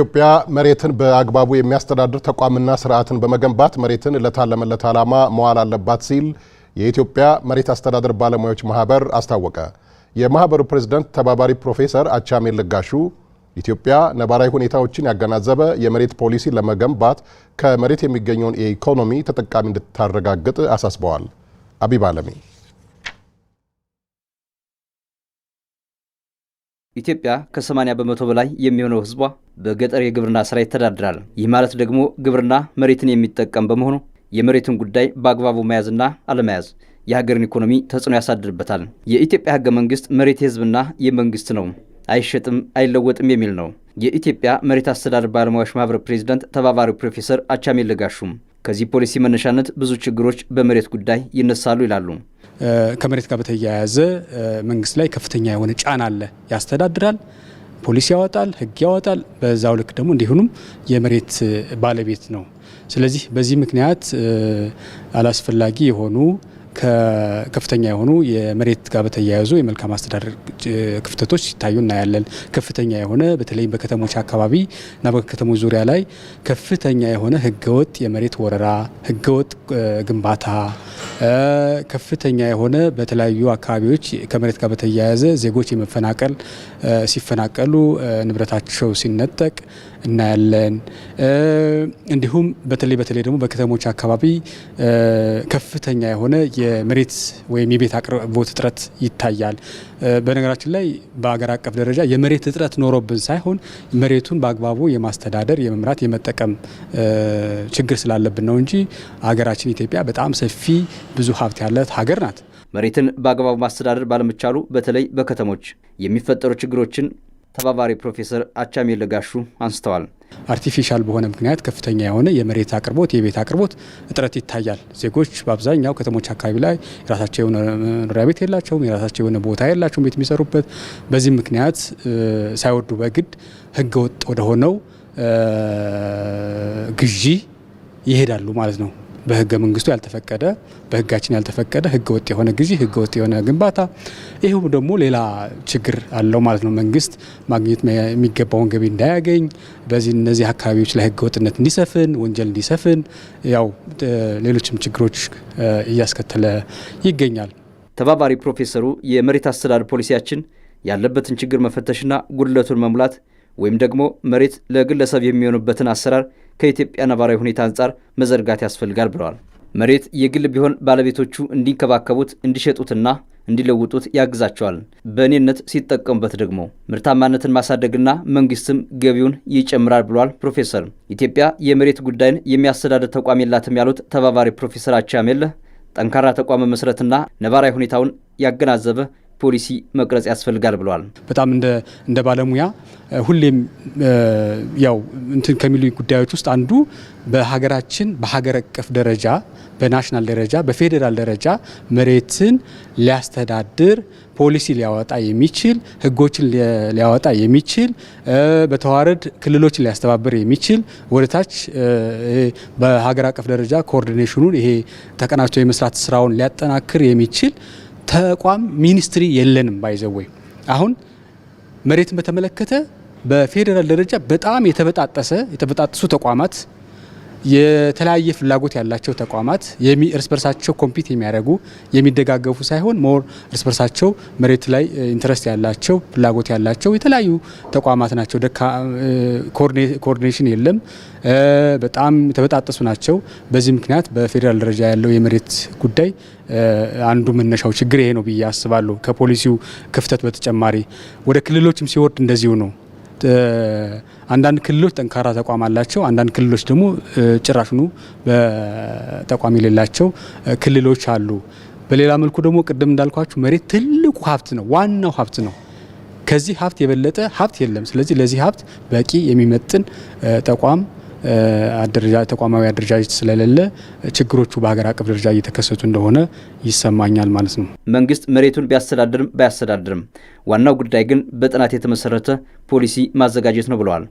ኢትዮጵያ መሬትን በአግባቡ የሚያስተዳድር ተቋምና ስርዓትን በመገንባት መሬትን ለታለመለት ዓላማ መዋል አለባት ሲል የኢትዮጵያ መሬት አስተዳደር ባለሙያዎች ማህበር አስታወቀ። የማህበሩ ፕሬዝዳንት ተባባሪ ፕሮፌሰር አቻሜ ለጋሹ ኢትዮጵያ ነባራዊ ሁኔታዎችን ያገናዘበ የመሬት ፖሊሲ ለመገንባት ከመሬት የሚገኘውን የኢኮኖሚ ተጠቃሚ እንድታረጋግጥ አሳስበዋል። አቢብ አለሜ ኢትዮጵያ ከ80 በመቶ በላይ የሚሆነው ህዝቧ በገጠር የግብርና ስራ ይተዳድራል። ይህ ማለት ደግሞ ግብርና መሬትን የሚጠቀም በመሆኑ የመሬትን ጉዳይ በአግባቡ መያዝና አለመያዝ የሀገርን ኢኮኖሚ ተጽዕኖ ያሳድርበታል። የኢትዮጵያ ህገ መንግስት መሬት የህዝብና የመንግስት ነው፣ አይሸጥም፣ አይለወጥም የሚል ነው። የኢትዮጵያ መሬት አስተዳደር ባለሙያዎች ማህበር ፕሬዚዳንት ተባባሪ ፕሮፌሰር አቻሜ ለጋሹም ከዚህ ፖሊሲ መነሻነት ብዙ ችግሮች በመሬት ጉዳይ ይነሳሉ ይላሉ። ከመሬት ጋር በተያያዘ መንግስት ላይ ከፍተኛ የሆነ ጫና አለ። ያስተዳድራል፣ ፖሊሲ ያወጣል፣ ህግ ያወጣል። በዛው ልክ ደግሞ እንዲሁም የመሬት ባለቤት ነው። ስለዚህ በዚህ ምክንያት አላስፈላጊ የሆኑ ከፍተኛ የሆኑ የመሬት ጋር በተያያዙ የመልካም አስተዳደር ክፍተቶች ሲታዩ እናያለን። ከፍተኛ የሆነ በተለይም በከተሞች አካባቢ እና በከተሞች ዙሪያ ላይ ከፍተኛ የሆነ ህገወጥ የመሬት ወረራ፣ ህገወጥ ግንባታ ከፍተኛ የሆነ በተለያዩ አካባቢዎች ከመሬት ጋር በተያያዘ ዜጎች የመፈናቀል ሲፈናቀሉ ንብረታቸው ሲነጠቅ እናያለን። እንዲሁም በተለይ በተለይ ደግሞ በከተሞች አካባቢ ከፍተኛ የሆነ የመሬት ወይም የቤት አቅርቦት እጥረት ይታያል። በነገራችን ላይ በአገር አቀፍ ደረጃ የመሬት እጥረት ኖሮብን ሳይሆን መሬቱን በአግባቡ የማስተዳደር የመምራት፣ የመጠቀም ችግር ስላለብን ነው እንጂ አገራችን ኢትዮጵያ በጣም ሰፊ ብዙ ሀብት ያለት ሀገር ናት። መሬትን በአግባቡ ማስተዳደር ባለመቻሉ በተለይ በከተሞች የሚፈጠሩ ችግሮችን ተባባሪ ፕሮፌሰር አቻሜ ለጋሹ አንስተዋል። አርቲፊሻል በሆነ ምክንያት ከፍተኛ የሆነ የመሬት አቅርቦት፣ የቤት አቅርቦት እጥረት ይታያል። ዜጎች በአብዛኛው ከተሞች አካባቢ ላይ የራሳቸው የሆነ መኖሪያ ቤት የላቸውም፣ የራሳቸው የሆነ ቦታ የላቸውም ቤት የሚሰሩበት። በዚህ ምክንያት ሳይወዱ በግድ ህገወጥ ወደሆነው ግዢ ይሄዳሉ ማለት ነው። በህገ መንግስቱ ያልተፈቀደ በህጋችን ያልተፈቀደ ህገ ወጥ የሆነ ጊዜ ህገ ወጥ የሆነ ግንባታ፣ ይህም ደግሞ ሌላ ችግር አለው ማለት ነው። መንግስት ማግኘት የሚገባውን ገቢ እንዳያገኝ፣ በዚህ እነዚህ አካባቢዎች ላይ ህገ ወጥነት እንዲሰፍን፣ ወንጀል እንዲሰፍን፣ ያው ሌሎችም ችግሮች እያስከተለ ይገኛል። ተባባሪ ፕሮፌሰሩ የመሬት አስተዳደር ፖሊሲያችን ያለበትን ችግር መፈተሽና ጉድለቱን መሙላት ወይም ደግሞ መሬት ለግለሰብ የሚሆንበትን አሰራር ከኢትዮጵያ ነባራዊ ሁኔታ አንጻር መዘርጋት ያስፈልጋል ብለዋል። መሬት የግል ቢሆን ባለቤቶቹ እንዲንከባከቡት እንዲሸጡትና እንዲለውጡት ያግዛቸዋል። በእኔነት ሲጠቀሙበት ደግሞ ምርታማነትን ማሳደግና መንግስትም ገቢውን ይጨምራል ብሏል። ፕሮፌሰር ኢትዮጵያ የመሬት ጉዳይን የሚያስተዳደር ተቋም የላትም ያሉት ተባባሪ ፕሮፌሰር አቻሜለ ጠንካራ ተቋም መመስረትና ነባራዊ ሁኔታውን ያገናዘበ ፖሊሲ መቅረጽ ያስፈልጋል ብለዋል። በጣም እንደ ባለሙያ ሁሌም ያው እንትን ከሚሉ ጉዳዮች ውስጥ አንዱ በሀገራችን በሀገር አቀፍ ደረጃ በናሽናል ደረጃ በፌዴራል ደረጃ መሬትን ሊያስተዳድር ፖሊሲ ሊያወጣ የሚችል ህጎችን ሊያወጣ የሚችል በተዋረድ ክልሎችን ሊያስተባብር የሚችል ወደታች በሀገር አቀፍ ደረጃ ኮኦርዲኔሽኑን ይሄ ተቀናጅቶ የመስራት ስራውን ሊያጠናክር የሚችል ተቋም ሚኒስትሪ የለንም። ባይዘወይ አሁን መሬትን በተመለከተ በፌዴራል ደረጃ በጣም የተበጣጠሰ የተበጣጠሱ ተቋማት የተለያየ ፍላጎት ያላቸው ተቋማት እርስ በርሳቸው ኮምፒት የሚያደርጉ የሚደጋገፉ ሳይሆን ሞር እርስ በርሳቸው መሬት ላይ ኢንትረስት ያላቸው ፍላጎት ያላቸው የተለያዩ ተቋማት ናቸው። ኮኦርዲኔሽን የለም፣ በጣም የተበጣጠሱ ናቸው። በዚህ ምክንያት በፌዴራል ደረጃ ያለው የመሬት ጉዳይ አንዱ መነሻው ችግር ይሄ ነው ብዬ አስባለሁ። ከፖሊሲው ክፍተት በተጨማሪ ወደ ክልሎችም ሲወርድ እንደዚሁ ነው። አንዳንድ ክልሎች ጠንካራ ተቋም አላቸው። አንዳንድ ክልሎች ደግሞ ጭራሽኑ በተቋም የሌላቸው ክልሎች አሉ። በሌላ መልኩ ደግሞ ቅድም እንዳልኳችሁ መሬት ትልቁ ሀብት ነው፣ ዋናው ሀብት ነው። ከዚህ ሀብት የበለጠ ሀብት የለም። ስለዚህ ለዚህ ሀብት በቂ የሚመጥን ተቋም ተቋማዊ አደረጃጀት ስለሌለ ችግሮቹ በሀገር አቀፍ ደረጃ እየተከሰቱ እንደሆነ ይሰማኛል ማለት ነው። መንግስት መሬቱን ቢያስተዳድርም ባያስተዳድርም ዋናው ጉዳይ ግን በጥናት የተመሰረተ ፖሊሲ ማዘጋጀት ነው ብለዋል።